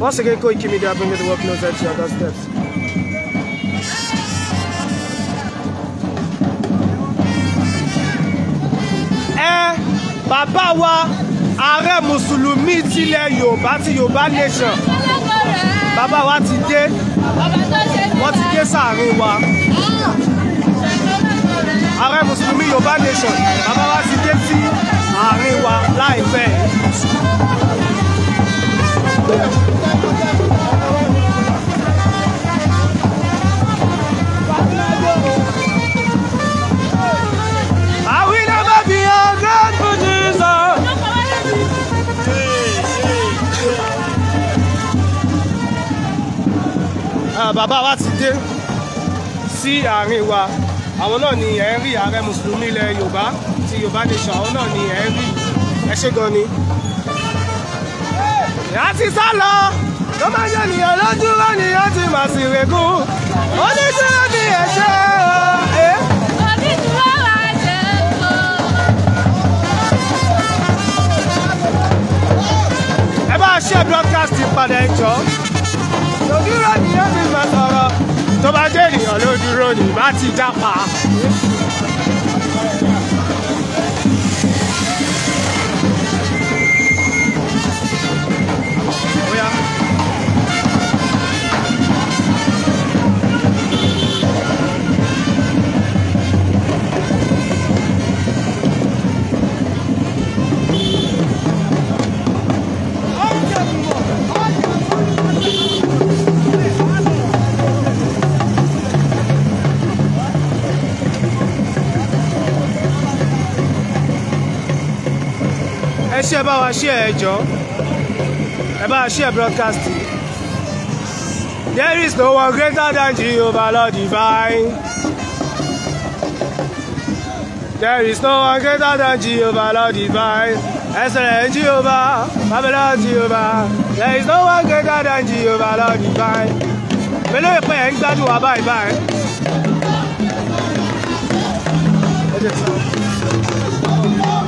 Once again, go Koiki Media bringing the work closer to your steps. Eh, Baba wa ààrẹ Muslimi tilẹ̀ Yorùbá ti Yorùbá nation. Baba wa ti dé. wa ti dé sàárín wa. Ààrẹ Muslimi Yorùbá nation. Baba wa ti dé sí àárín wa life. Yeah. bàbá wa ti dé sí àárín wa àwọn náà ni ẹ̀ ń rí ààrẹ mùsùlùmí ilẹ̀ yorùbá ti yorùbá nation àwọn náà ni ẹ̀ ń rí ẹ ṣé gan ni. ìyá ti sá lọ ló máa ń yànìyàn lójú wọn ni ti mà sí rẹ̀gùn oníṣẹ́ ni ẹ̀ ṣe o. ẹ bá ṣe broadcast padà ẹ jọ òdúró ni yóò fi mọ̀ sọ̀rọ̀ tó bá jẹ́ ènìyàn ló dúró ní bá ti dápa. ṣe bá wa ṣe ẹjọ́ ẹ bá wa ṣe broadcast there is no one greater than Jehovah Lord divine there is no one greater than Jehovah Lord divine excellent Jehovah Babylon Jehovah there is no one greater than Jehovah Lord divine mélòó ìpè ẹ̀ ń gbádùn wa báyìí báyìí. Thank you.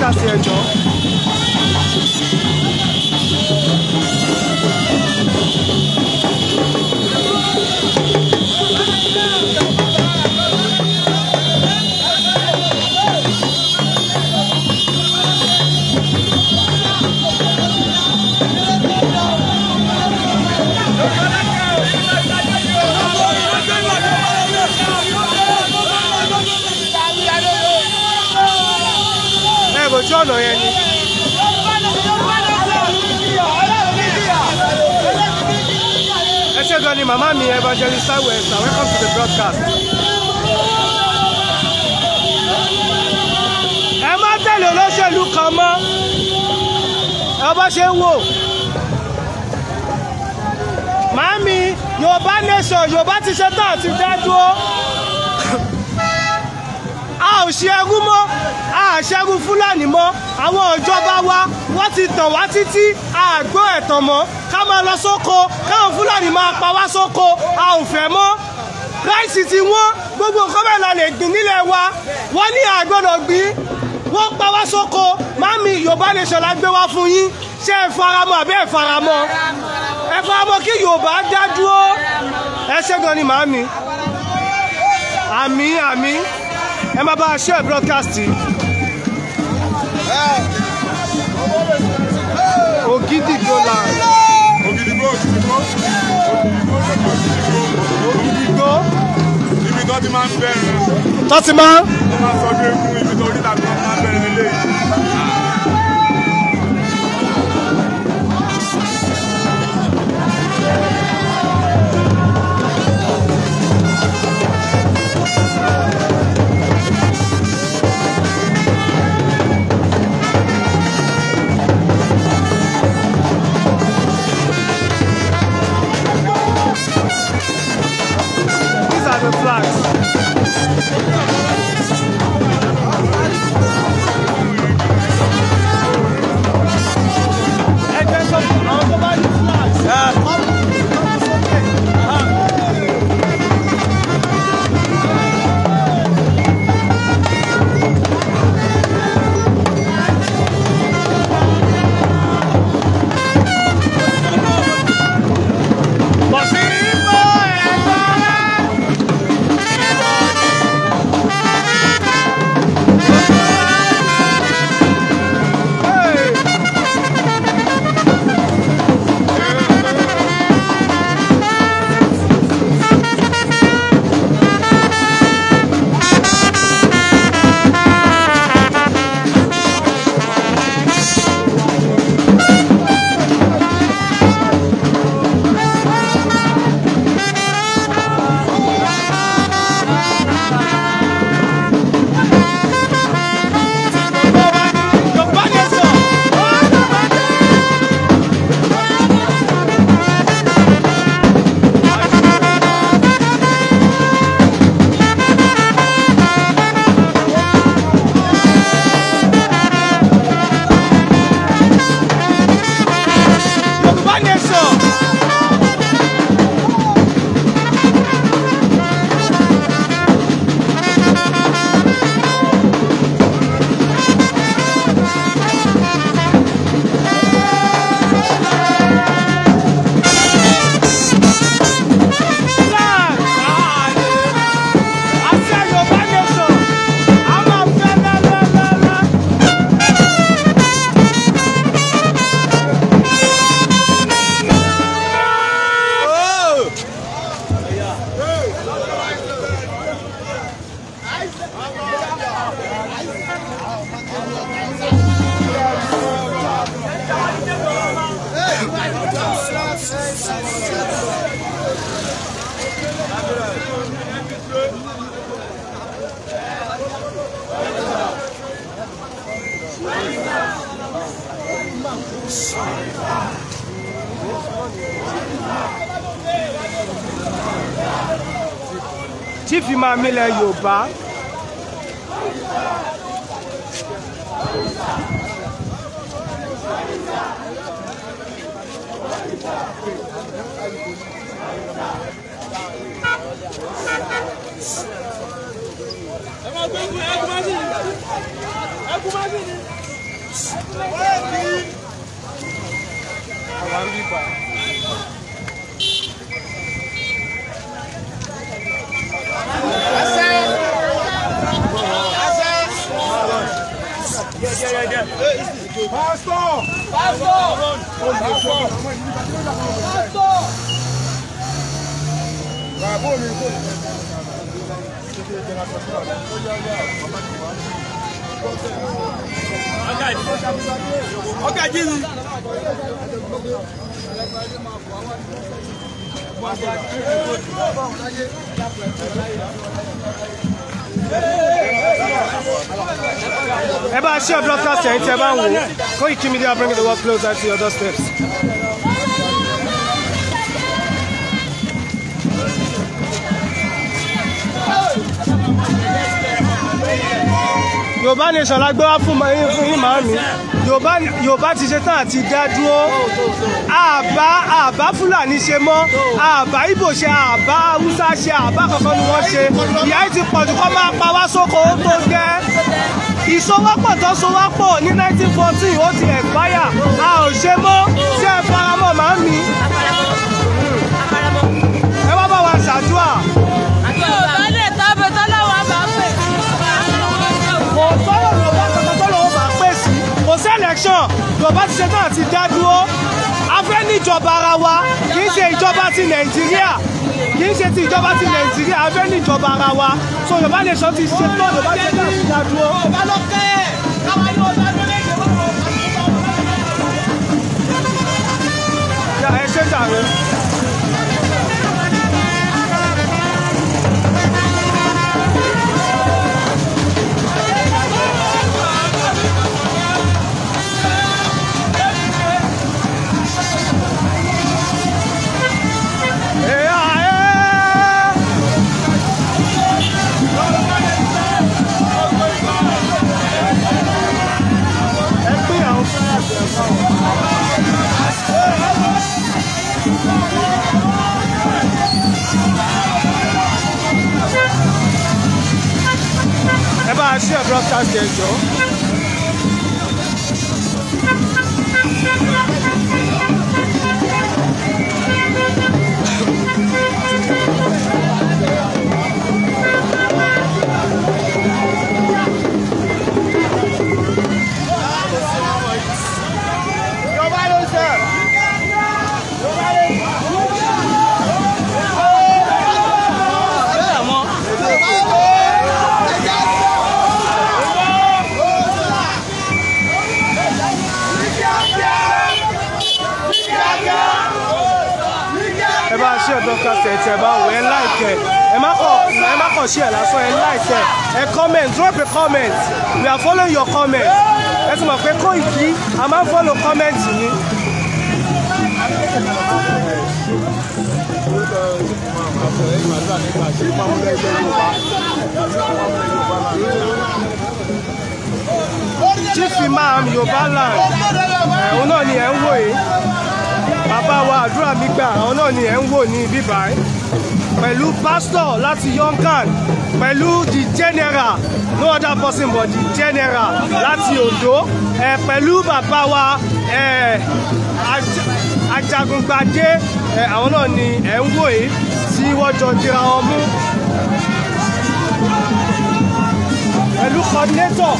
láti ẹjọ́. ojú ọ̀nà yẹn ni. ẹ ṣé gan ni màmá mi evangelist samuel sir welcome to the broadcast. ẹ má tẹ̀lé olóṣèlú kan mọ́ ẹ bá ṣe ń wò. màmí yorùbá nation yorùbá ti ṣe tán àti dá dúró ṣẹ́gun mọ́ a ṣẹ́gun fúlàní mọ́ àwọn ìjọba wa wọ́n ti tàn wá títí àgbọ̀ ẹ̀tàn mọ́ ká máa lọ sóko káwọn fúlàní máa pa wá sóko a ò fẹ́ mọ́ ráìsì ti wọ́n gbogbo nǹkan lè gbìn nílẹ̀ wa wọ́n ní àgbọ̀dọ̀ gbìn wọ́n pa wá sóko mami yorùbá lè ṣọlá gbé wá fún yín ṣé ẹ faramọ́ àbẹ́ ẹ faramọ́ ẹ faramọ́ kí yorùbá dá dúró ẹ ṣẹ́gun ni màámi àmì àmì ẹ máa bá a share broadcast yìí. Ògìdìgbò là. Ògìdìgbò Ògìdìgbò Ògìdìgbò. Níbi tó ti máa ń bẹ̀rẹ̀. Tó ti máa. Ó máa sọ bí egun tí fi máa mílẹ̀ Yorùbá. Thank you. 파스토! 파스토! 파스토! 파스토! 자, 몸이 ọ̀gá jí ni. ẹ bá ṣe broadcast ẹ̀yìn tí ẹ bá ń wò Koiki Media bring the world closer to your steps. yorùbá nation la gbé wá fún yín màámi yorùbá ti ṣe tán àti dá dúró àbá àbá fúlàní ṣe mọ́ àbá ìbò ṣe àbá haúsá ṣe àbá kankan ni wọ́n ṣe ìyà yìí ti pọ̀jù kọ́ máa pa wá sóko ó tó gẹ́ ìsowọ́pọ̀ tó sowọ́pọ̀ ní 1914 ó ti expire a ò ṣe mọ́ tí ẹ faramọ́ màámi ẹ wá bá wa ṣàdúrà. election yorùbá ti ṣetán àti dá dúró a fẹ́ níjọba ara wa kì í ṣe ìjọba ti nàìjíríà kì í ṣe ti ìjọba ti nàìjíríà a níjọba ara wa so yorùbá nation ti ṣetán yorùbá ti ṣetán àti dá dúró. ẹ ṣe jàre. 있죠. podcast ẹ tẹ ẹ like ẹ má kọ ẹ má kọ share lásán ẹ like ẹ comment drop a comment we are following your comment ẹ tún mọ̀ pé Koiki a máa ń follow comment yín. Chief Imam Yorùbá land ẹ̀ òun náà ni ẹ̀ ń wò bàbá wa àdúrà mi gbà àwọn náà ni ẹ̀ ń wò ní bíbáyìí pẹ̀lú pásítọ̀ láti yonkan pẹ̀lú the general no other person but the general láti Oǹdó ẹ̀ pẹ̀lú bàbá wa ẹ̀ ajagungbadé ẹ̀ àwọn náà ni ẹ̀ ń wò yìí tí wọ́n jọ dira wọn mú pẹ̀lú coordinator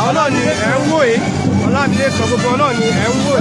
àwọn náà ni ẹ̀ ń wò yìí. Ọlámídé sọ gbogbo náà ni ẹ̀ ń wò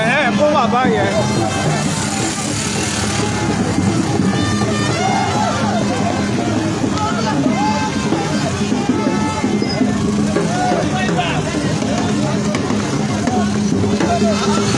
ẹ̀ ẹ̀ kó wà báyẹn. Thank you.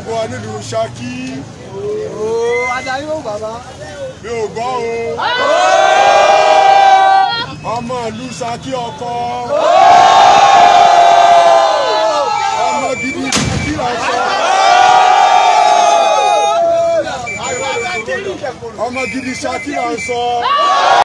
gbogbo wa nílùú Ṣakí. ooo adarí ò bàbá. mi ò gbọ́ o. ọmọ ìlú Ṣakí ọkọ. ọmọ gidi Ṣakí ọkọ. ọmọ gidi Ṣakí ọsọ.